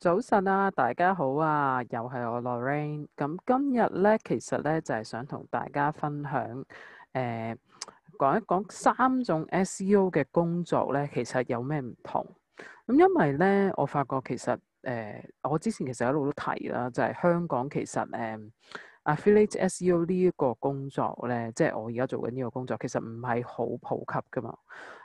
早晨啊，大家好啊，又係我 Lorraine。咁今日呢，其實呢，就係想同大家分享，誒、呃，講一講三種 SEO 嘅工作呢，其實有咩唔同。咁因為呢，我發覺其實誒、呃，我之前其實一路都提啦，就係香港其實誒、呃，Affiliate SEO 呢一個工作呢，即係我而家做緊呢個工作，其實唔係好普及㗎嘛。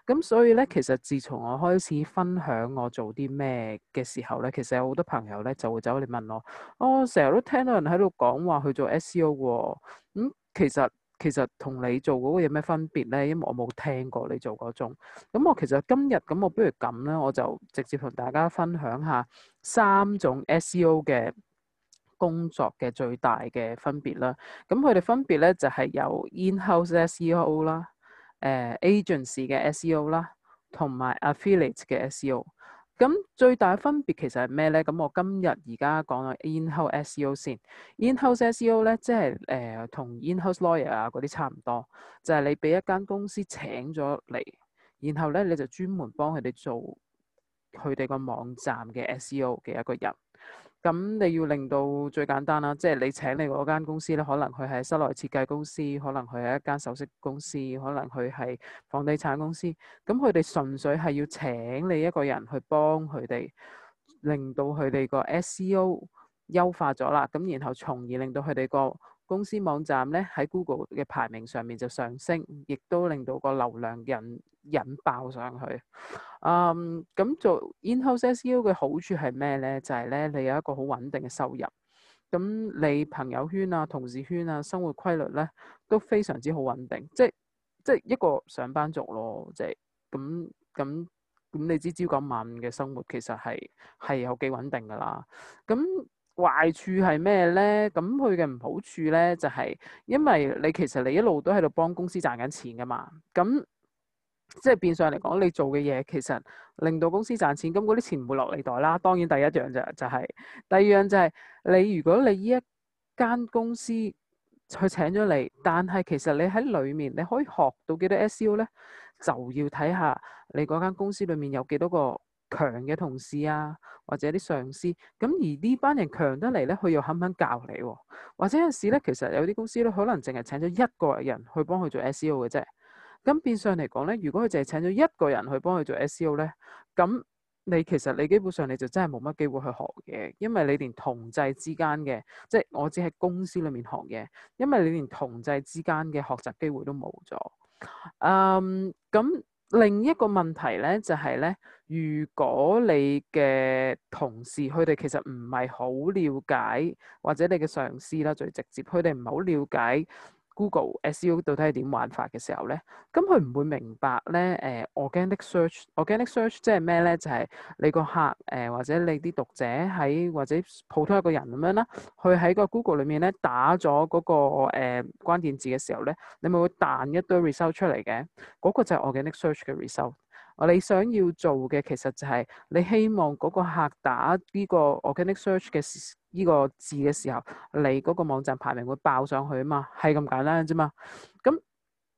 咁所以咧，其實自從我開始分享我做啲咩嘅時候咧，其實有好多朋友咧就會走嚟問我，哦、我成日都聽到人喺度講話去做 SEO 喎、哦，咁、嗯、其實其實同你做嗰個有咩分別咧？因為我冇聽過你做嗰種。咁我其實今日咁，我不如咁啦，我就直接同大家分享下三種 SEO 嘅工作嘅最大嘅分別啦。咁佢哋分別咧就係、是、有 In House SEO 啦。誒、uh,，agency 嘅 SEO 啦，同埋 affiliate 嘅 SEO，咁最大分別其實係咩咧？咁我今日而家講緊，in-house SEO 先、uh,，in-house SEO 咧，即係誒，同 in-house lawyer 啊嗰啲差唔多，就係你俾一間公司請咗嚟，然後咧你就專門幫佢哋做佢哋個網站嘅 SEO 嘅一個人。咁你要令到最簡單啦，即係你請你嗰間公司咧，可能佢係室內設計公司，可能佢係一間首飾公司，可能佢係房地產公司。咁佢哋純粹係要請你一個人去幫佢哋，令到佢哋個 SEO 優化咗啦。咁然後從而令到佢哋個公司網站咧喺 Google 嘅排名上面就上升，亦都令到個流量引引爆上去。嗯，咁做 In-house SEO 嘅好處係咩咧？就係咧，你有一個好穩定嘅收入。咁你朋友圈啊、同事圈啊、生活規律咧都非常之好穩定，即即一個上班族咯。即咁咁咁，你知朝九晚五嘅生活其實係係有幾穩定噶啦。咁壞處係咩咧？咁佢嘅唔好處咧就係、是，因為你其實你一路都喺度幫公司賺緊錢噶嘛，咁即係變相嚟講，你做嘅嘢其實令到公司賺錢，咁嗰啲錢唔會落你袋啦。當然第一樣就係、是，就是、第二樣就係、是，你如果你依一間公司去請咗你，但係其實你喺裏面你可以學到幾多 SEO 咧，就要睇下你嗰間公司裏面有幾多個。強嘅同事啊，或者啲上司，咁而呢班人強得嚟呢，佢又肯唔肯教你喎、啊？或者有時呢，其實有啲公司咧，可能淨係請咗一個人去幫佢做 SEO 嘅啫。咁變相嚟講呢，如果佢淨係請咗一個人去幫佢做 SEO 呢，咁你其實你基本上你就真係冇乜機會去學嘢，因為你連同濟之間嘅，即、就、係、是、我只喺公司裏面學嘢，因為你連同濟之間嘅學習機會都冇咗。嗯，咁。另一個問題咧，就係咧，如果你嘅同事佢哋其實唔係好了解，或者你嘅上司啦，最直接，佢哋唔係好了解，Google SEO 到底係點玩法嘅時候咧，咁佢唔會明白咧。誒、呃、organic search，organic search 即係咩咧？就係、是、你個客誒、呃，或者你啲讀者喺或者普通一個人咁樣啦，佢喺 Go、那個 Google 裏面咧打咗嗰個誒關鍵字嘅時候咧，你咪會彈一堆 result 出嚟嘅，嗰、那個就係 organic search 嘅 result。你想要做嘅其實就係你希望嗰個客打呢個 organic search 嘅呢個字嘅時候，你嗰個網站排名會爆上去啊嘛，係咁簡單啫嘛。咁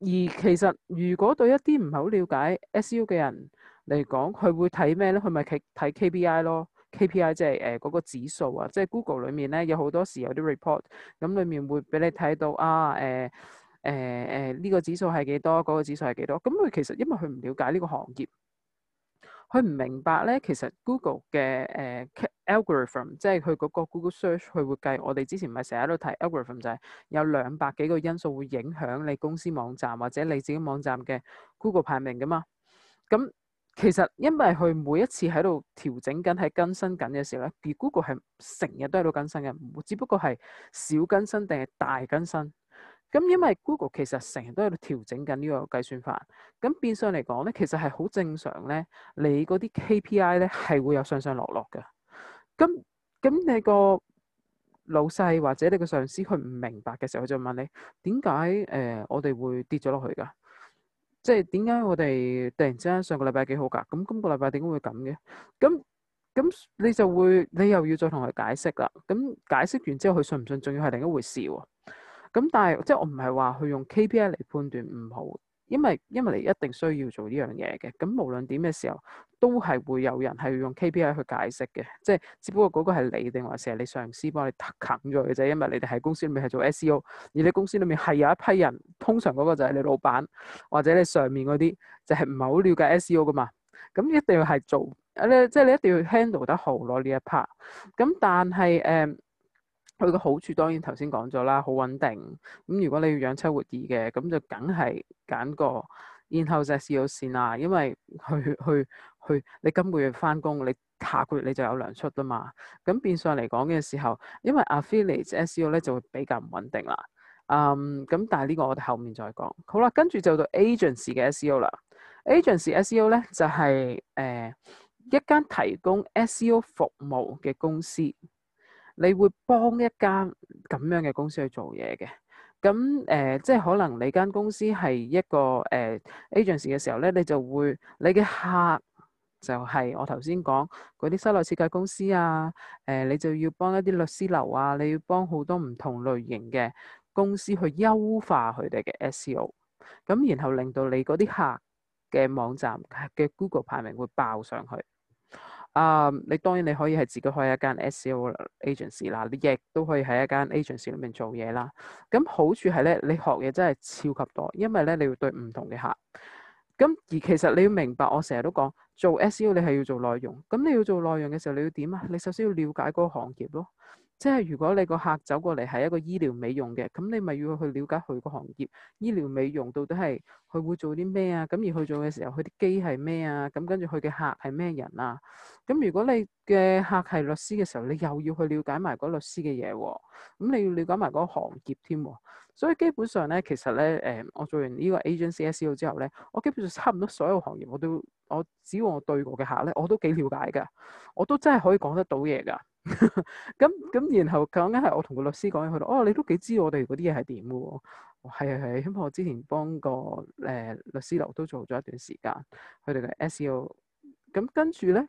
而其實如果對一啲唔係好了解 SEO 嘅人嚟講，佢會睇咩咧？佢咪睇睇 KPI 咯，KPI 即係誒嗰個指數啊，即係 Google 裡面咧有好多時有啲 report，咁裡面會俾你睇到啊誒。呃誒誒，呢、呃這個指數係幾多？嗰、那個指數係幾多？咁、嗯、佢其實因為佢唔了解呢個行業，佢唔明白咧。其實 Google 嘅誒、呃、algorithm，即係佢嗰個 Google Search，佢會計。我哋之前咪成日喺度睇 algorithm，就係有兩百幾個因素會影響你公司網站或者你自己網站嘅 Google 排名噶嘛。咁、嗯、其實因為佢每一次喺度調整緊，喺更新緊嘅時候咧，Google 係成日都喺度更新嘅，只不過係少更新定係大更新。咁因為 Google 其實成日都喺度調整緊呢個計算法，咁變相嚟講咧，其實係好正常咧。你嗰啲 KPI 咧係會有上上落落嘅。咁咁你個老細或者你個上司佢唔明白嘅時候，佢就問你點解？誒、呃，我哋會跌咗落去㗎，即係點解我哋突然之間上個禮拜幾好㗎？咁今個禮拜點解會咁嘅？咁咁你就會你又要再同佢解釋啦。咁解釋完之後，佢信唔信仲要係另一回事喎。咁但係，即係我唔係話去用 KPI 嚟判斷唔好，因為因為你一定需要做呢樣嘢嘅。咁無論點嘅時候，都係會有人係用 KPI 去解釋嘅。即係只不過嗰個係你定話成日你上司幫你揼咗嘅啫。因為你哋喺公司裏面係做 SEO，而你公司裏面係有一批人，通常嗰個就係你老闆或者你上面嗰啲，就係唔係好了解 SEO 㗎嘛。咁一定要係做，你即係你一定要 handle 得好咯呢一 part。咁但係誒。呃佢個好處當然頭先講咗啦，好穩定。咁如果你要養妻活兒嘅，咁就梗係揀個 In House 就係 SEO 線啦，因為去去去，你今個月返工，你下個月你就有糧出啦嘛。咁變相嚟講嘅時候，因為 Affiliate SEO 咧就會比較唔穩定啦。嗯，咁但係呢個我哋後面再講。好啦，跟住就到 Agency 嘅 SEO 啦。Agency SEO 咧就係、是、誒、呃、一間提供 SEO 服務嘅公司。你會幫一間咁樣嘅公司去做嘢嘅，咁誒、呃，即係可能你間公司係一個誒、呃、agency 嘅時候咧，你就會你嘅客就係我頭先講嗰啲室內設計公司啊，誒、呃，你就要幫一啲律師樓啊，你要幫好多唔同類型嘅公司去優化佢哋嘅 SEO，咁然後令到你嗰啲客嘅網站嘅 Google 排名會爆上去。啊！Uh, 你當然你可以係自己開一間 SEO agency 啦，你亦都可以喺一間 agency 裏面做嘢啦。咁好處係咧，你學嘢真係超級多，因為咧你要對唔同嘅客。咁而其實你要明白，我成日都講做 SEO 你係要做內容，咁你要做內容嘅時候你要點啊？你首先要了解個行業咯。即係如果你個客走過嚟係一個醫療美容嘅，咁你咪要去了解佢個行業，醫療美容到底係佢會做啲咩啊？咁而去做嘅時候，佢啲機係咩啊？咁跟住佢嘅客係咩人啊？咁如果你嘅客係律師嘅時候，你又要去了解埋嗰律師嘅嘢喎，咁你要了解埋嗰行業添、啊、喎。所以基本上咧，其實咧，誒、呃，我做完呢個 Agency SEO 之後咧，我基本上差唔多所有行業我都，我只要我對過嘅客咧，我都幾了解㗎，我都真係可以講得到嘢㗎。咁咁， 然後講緊係我同個律師講咗佢度，哦，你都幾知我哋嗰啲嘢係點嘅？係、哦、係，因為我之前幫個誒律師樓都做咗一段時間，佢哋嘅 SEO。咁跟住咧，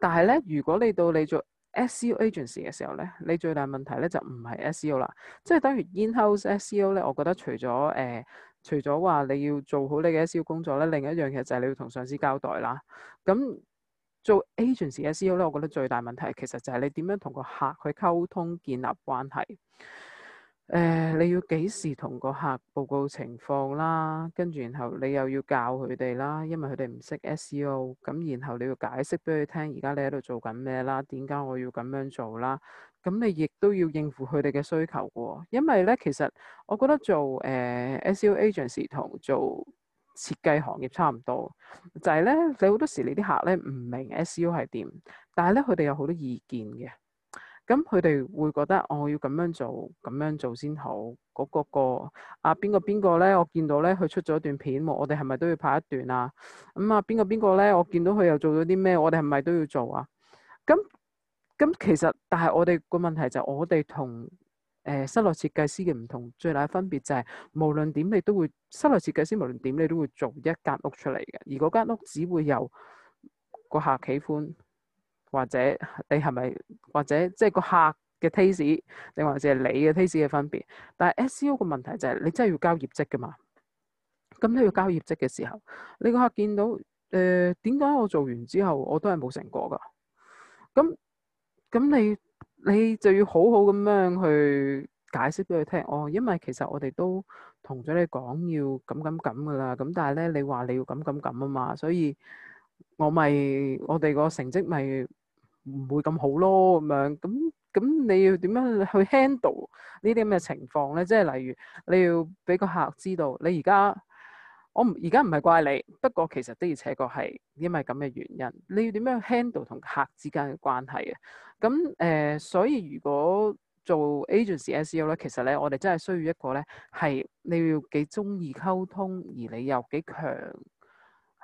但係咧，如果你到你做 SEO agency 嘅時候咧，你最大問題咧就唔係 SEO 啦，即係等於 in house SEO 咧。我覺得除咗誒、呃，除咗話你要做好你嘅 SEO 工作咧，另一樣嘢就係你要同上司交代啦。咁。做 agency SEO 咧，我覺得最大問題其實就係你點樣同個客去溝通，建立關係。誒、呃，你要幾時同個客報告情況啦？跟住然後你又要教佢哋啦，因為佢哋唔識 SEO。咁然後你要解釋俾佢聽在在，而家你喺度做緊咩啦？點解我要咁樣做啦？咁你亦都要應付佢哋嘅需求嘅。因為咧，其實我覺得做誒、呃、SEO agency 同做設計行業差唔多，就係咧你好多時你啲客咧唔明 SEO 係點，但係咧佢哋有好多意見嘅，咁佢哋會覺得我要咁樣做，咁樣做先好。嗰個個啊邊個邊個咧，我見到咧佢出咗一段片，我哋係咪都要拍一段啊？咁啊邊個邊個咧，我見到佢又做咗啲咩，我哋係咪都要做啊？咁咁其實，但係我哋個問題就我哋同。誒、呃、室內設計師嘅唔同，最大分別就係無論點你都會室內設計師無論點你都會做一間屋出嚟嘅，而嗰間屋只會有個客喜歡，或者你係咪或者即係個客嘅 taste，定或者係你嘅 taste 嘅分別。但係 SEO 嘅問題就係你真係要交業績㗎嘛？咁你要交業績嘅時候，你個客見到誒，點解我做完之後我都係冇成果㗎？咁咁你？你就要好好咁樣去解釋俾佢聽，哦，因為其實我哋都同咗你講要咁咁咁噶啦，咁但係咧你話你要咁咁咁啊嘛，所以我咪我哋個成績咪唔會咁好咯，咁樣咁咁你要點樣去 handle 呢啲咁嘅情況咧？即係例如你要俾個客知道你而家。我唔而家唔係怪你，不過其實的而且確係因為咁嘅原因，你要點樣 handle 同客之間嘅關係嘅？咁誒、呃，所以如果做 agency SEO 咧，其實咧我哋真係需要一個咧係你要幾鍾意溝通，而你又幾強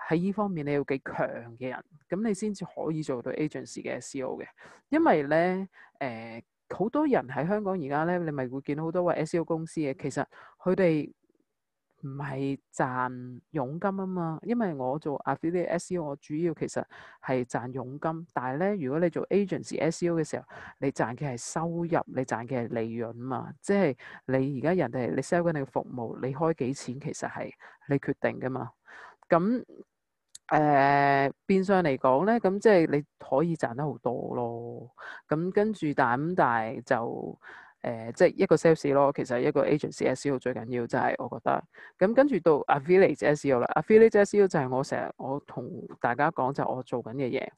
喺呢方面你要幾強嘅人，咁你先至可以做到 agency 嘅 SEO 嘅。因為咧誒，好、呃、多人喺香港而家咧，你咪會見到好多位 SEO 公司嘅，其實佢哋。唔係賺佣金啊嘛，因為我做 Affiliate SEO，我主要其實係賺佣金。但係咧，如果你做 Agency SEO 嘅時候，你賺嘅係收入，你賺嘅係利潤啊嘛。即係你而家人哋你 sell 緊你嘅服務，你開幾錢其實係你決定㗎嘛。咁誒、呃、變相嚟講咧，咁即係你可以賺得好多咯。咁跟住但咁但係就。誒、呃，即係一個 sales 咯，其實一個 agency SEO 最緊要就係我覺得。咁跟住到 affiliate SEO 啦，affiliate SEO 就係我成日我同大家講就我做緊嘅嘢。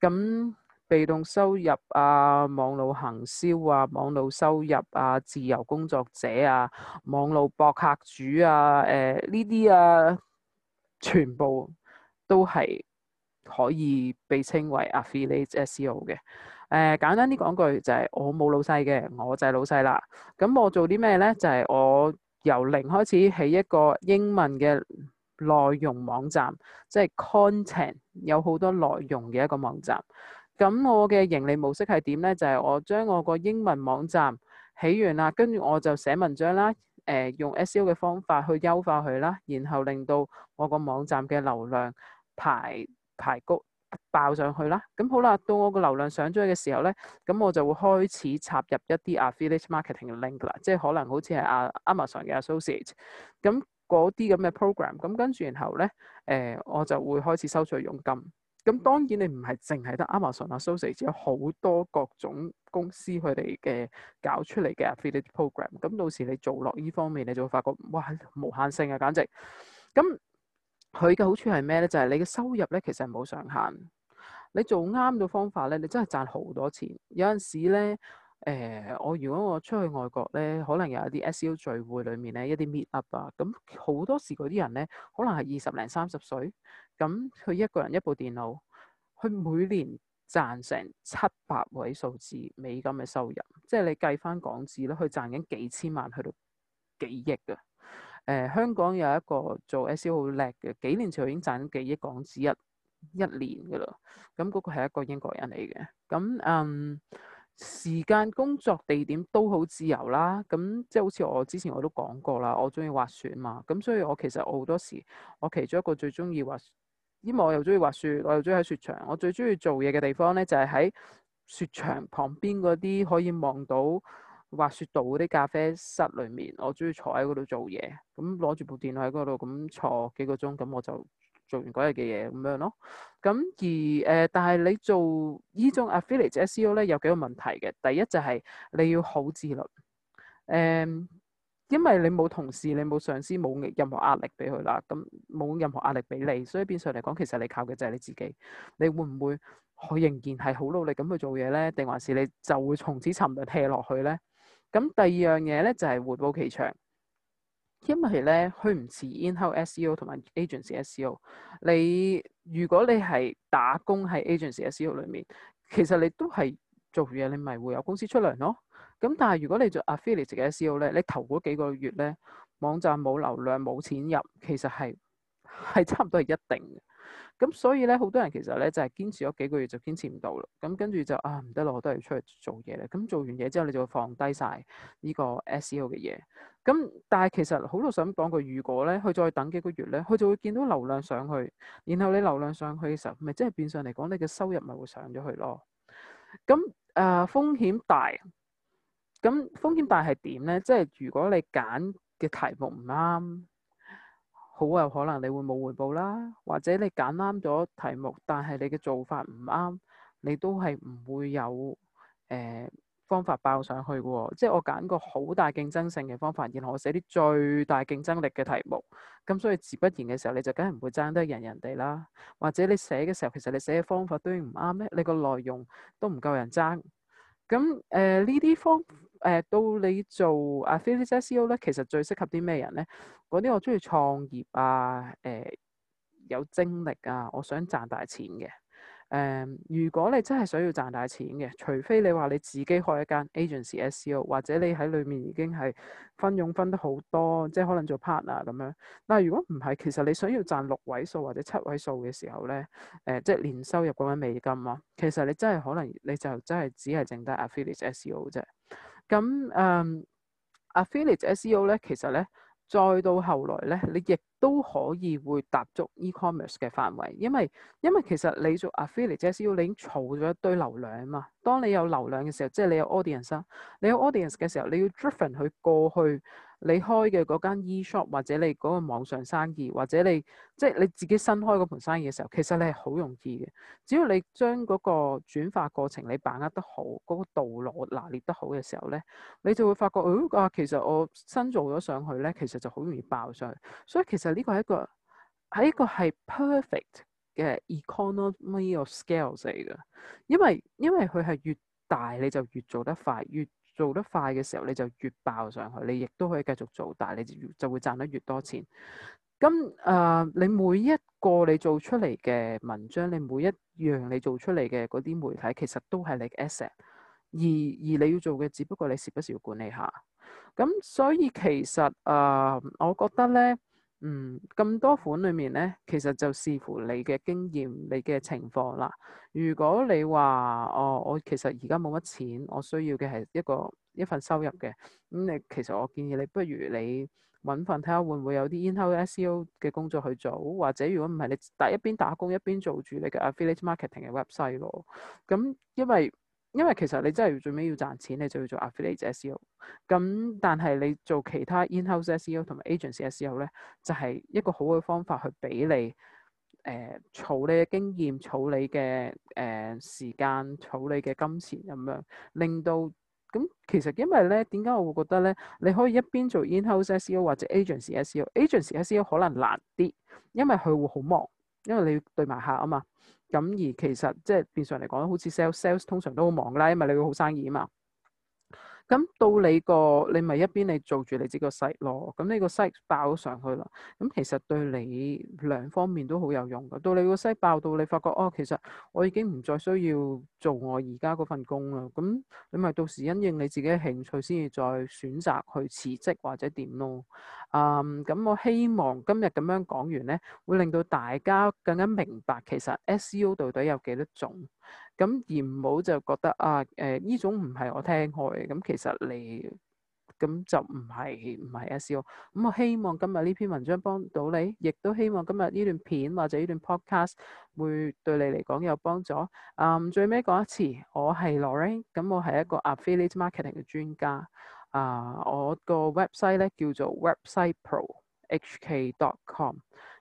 咁被動收入啊，網路行銷啊，網路收入啊，自由工作者啊，網路博客主啊，誒呢啲啊，全部都係可以被稱為 affiliate SEO 嘅。誒簡單啲講句，就係、是、我冇老細嘅，我就係老細啦。咁我做啲咩呢？就係、是、我由零開始起一個英文嘅內容網站，即、就、係、是、content 有好多內容嘅一個網站。咁我嘅盈利模式係點呢？就係、是、我將我個英文網站起完啦，跟住我就寫文章啦，誒、呃、用 SEO 嘅方法去優化佢啦，然後令到我個網站嘅流量排排高。爆上去啦，咁好啦，到我個流量上咗嘅時候咧，咁我就會開始插入一啲 affiliate marketing 嘅 link 啦，即係可能好似係啊 Amazon 嘅 associate，咁嗰啲咁嘅 program，咁跟住然後咧，誒、呃，我就會開始收取佣金。咁當然你唔係淨係得 Amazon associate，有好多各種公司佢哋嘅搞出嚟嘅 affiliate program，咁到時你做落呢方面，你就會發覺哇，無限性啊，簡直，咁。佢嘅好處係咩咧？就係、是、你嘅收入咧，其實冇上限。你做啱嘅方法咧，你真係賺好多錢。有陣時咧，誒、呃，我如果我出去外國咧，可能有一啲 SEO 聚會裏面咧，一啲 meet up 啊，咁好多時嗰啲人咧，可能係二十零三十歲，咁佢一個人一部電腦，佢每年賺成七百位數字美金嘅收入，即係你計翻港紙咧，佢賺緊幾千萬去到幾億噶。誒、呃、香港有一個做 SEO 好叻嘅，幾年前已經賺咗幾億港紙一一年㗎啦。咁、那、嗰個係一個英國人嚟嘅。咁嗯，時間、工作、地點都好自由啦。咁即係好似我之前我都講過啦，我中意滑雪嘛。咁所以我其實我好多時，我其中一個最中意滑雪，因為我又中意滑雪，我又中意喺雪場。我最中意做嘢嘅地方咧，就係、是、喺雪場旁邊嗰啲可以望到。滑雪道嗰啲咖啡室裏面，我中意坐喺嗰度做嘢，咁攞住部電腦喺嗰度咁坐幾個鐘，咁我就做完嗰日嘅嘢咁樣咯。咁而誒、呃，但係你做種呢種 affiliate SEO 咧有幾個問題嘅。第一就係你要好自律，誒、嗯，因為你冇同事，你冇上司，冇任何壓力俾佢啦，咁冇任何壓力俾你，所以變相嚟講，其實你靠嘅就係你自己。你會唔會佢仍然係好努力咁去做嘢咧？定還是你就會從此沉淪踢落去咧？咁第二樣嘢咧就係回報期長，因為咧佢唔似 in-house SEO 同埋 agency SEO 你。你如果你係打工喺 agency SEO 裏面，其實你都係做嘢，你咪會有公司出糧咯。咁但係如果你做 affiliate 嘅 SEO 咧，你頭嗰幾個月咧，網站冇流量、冇錢入，其實係係差唔多係一定嘅。咁所以咧，好多人其實咧就係、是、堅持咗幾個月就堅持唔到啦。咁跟住就啊，唔得啦，我都係出去做嘢啦。咁做完嘢之後，你就會放低晒呢個 SEO 嘅嘢。咁但係其實好多想講句，如果咧佢再等幾個月咧，佢就會見到流量上去。然後你流量上去嘅時候，咪即係變相嚟講，你嘅收入咪會上咗去咯。咁誒、呃、風險大。咁風險大係點咧？即係如果你揀嘅題目唔啱。好有可能你會冇回報啦，或者你揀啱咗題目，但係你嘅做法唔啱，你都係唔會有誒、呃、方法爆上去喎、哦。即係我揀個好大競爭性嘅方法，然後我寫啲最大競爭力嘅題目，咁所以自不然嘅時候，你就梗係唔會爭得贏人哋啦。或者你寫嘅時候，其實你寫嘅方法都唔啱咧，你個內容都唔夠人爭。咁誒呢啲方。誒、呃、到你做 Affiliate SEO 咧，其實最適合啲咩人咧？嗰啲我中意創業啊，誒、呃、有精力啊，我想賺大錢嘅誒、呃。如果你真係想要賺大錢嘅，除非你話你自己開一間 agency SEO，或者你喺裏面已經係分傭分得好多，即係可能做 partner 咁樣。但係如果唔係，其實你想要賺六位數或者七位數嘅時候咧，誒、呃、即係年收入嗰啲美金啊，其實你真係可能你就真係只係淨得 Affiliate SEO 啫。咁誒，嗯，affiliate SEO 咧，其實咧，再到後來咧，你亦都可以會踏足 e-commerce 嘅範圍，因為因為其實你做 affiliate SEO，你已經儲咗一堆流量啊嘛。當你有流量嘅時候，即係你有 audience，你有 audience 嘅時候，你要 driven 佢過去。你開嘅嗰間 e-shop 或者你嗰個網上生意或者你即係、就是、你自己新開嗰盤生意嘅時候，其實你係好容易嘅。只要你將嗰個轉化過程你把握得好，嗰、那個道路拿捏得好嘅時候咧，你就會發覺，嗯、哦、啊，其實我新做咗上去咧，其實就好容易爆上去。所以其實呢個係一個係一個係 perfect 嘅 economy of scale 嚟嘅，因為因為佢係越大你就越做得快，越做得快嘅時候，你就越爆上去，你亦都可以繼續做，但係你就就會賺得越多錢。咁誒、呃，你每一個你做出嚟嘅文章，你每一樣你做出嚟嘅嗰啲媒體，其實都係你嘅 asset。而而你要做嘅，只不過你時不時要管理下。咁所以其實誒、呃，我覺得呢。嗯，咁多款裏面咧，其實就視乎你嘅經驗、你嘅情況啦。如果你話哦，我其實而家冇乜錢，我需要嘅係一個一份收入嘅，咁你其實我建議你不如你搵份睇下會唔會有啲 in-house SEO 嘅工作去做，或者如果唔係你，但一邊打工一邊做住你嘅 affiliate marketing 嘅 website 咯。咁因為因為其實你真係最尾要賺錢，你就要做 Affiliate SEO。咁但係你做其他 in-house SEO 同埋 agency SEO 咧，就係、是、一個好嘅方法去俾你誒、呃、儲你嘅經驗、儲你嘅誒、呃、時間、儲你嘅金錢咁樣，令到咁其實因為咧，點解我會覺得咧，你可以一邊做 in-house SEO 或者 agency SEO，agency SEO 可能難啲，因為佢會好忙，因為你要對埋客啊嘛。咁而其實即係變相嚟講，好似 sales sales 通常都好忙啦，因為你會好生意啊嘛。咁到你個，你咪一邊你做住你自己個 site 咯。咁你個 site 爆咗上去啦。咁其實對你兩方面都好有用㗎。到你個 site 爆到你發覺哦，其實我已經唔再需要做我而家嗰份工啦。咁你咪到時因應你自己嘅興趣先至再選擇去辭職或者點咯。啊、嗯，咁我希望今日咁樣講完咧，會令到大家更加明白其實 SEO 到底有幾多種。咁而唔好就覺得啊，誒、呃、呢種唔係我聽開嘅，咁其實你咁就唔係唔係 SEO 咁我希望今日呢篇文章幫到你，亦都希望今日呢段片或者呢段 Podcast 會對你嚟講有幫助。啊、嗯，最尾講一,一次，我係 Lorraine 咁我係一個 Affiliate Marketing 嘅專家。啊、呃，我個 website 咧叫做 websiteprohk.com。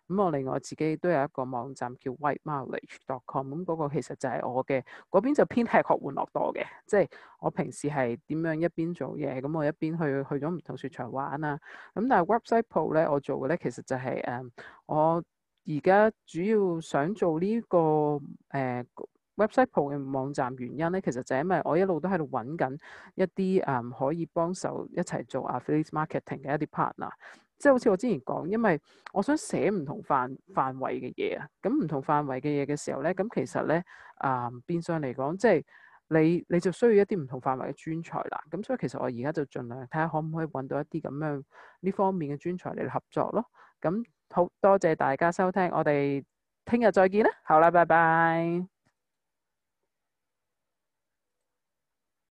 咁我另外我自己都有一個網站叫 whitemileage.com，m 咁嗰個其實就係我嘅嗰邊就偏吃喝玩樂多嘅，即係我平時係點樣一邊做嘢，咁我一邊去去咗唔同雪場玩啊。咁但係 website pro 咧，我做嘅咧其實就係、是、誒、嗯，我而家主要想做呢、這個誒 website pro 嘅網站原因咧，其實就係因為我一路都喺度揾緊一啲誒、嗯、可以幫手一齊做啊 affiliates marketing 嘅一啲 partner。即係好似我之前講，因為我想寫唔同範範圍嘅嘢啊，咁唔同範圍嘅嘢嘅時候咧，咁其實咧啊、呃、變相嚟講，即係你你就需要一啲唔同範圍嘅專才啦。咁所以其實我而家就盡量睇下可唔可以搵到一啲咁樣呢方面嘅專才嚟合作咯。咁好多謝大家收聽，我哋聽日再見啦。好啦，拜拜。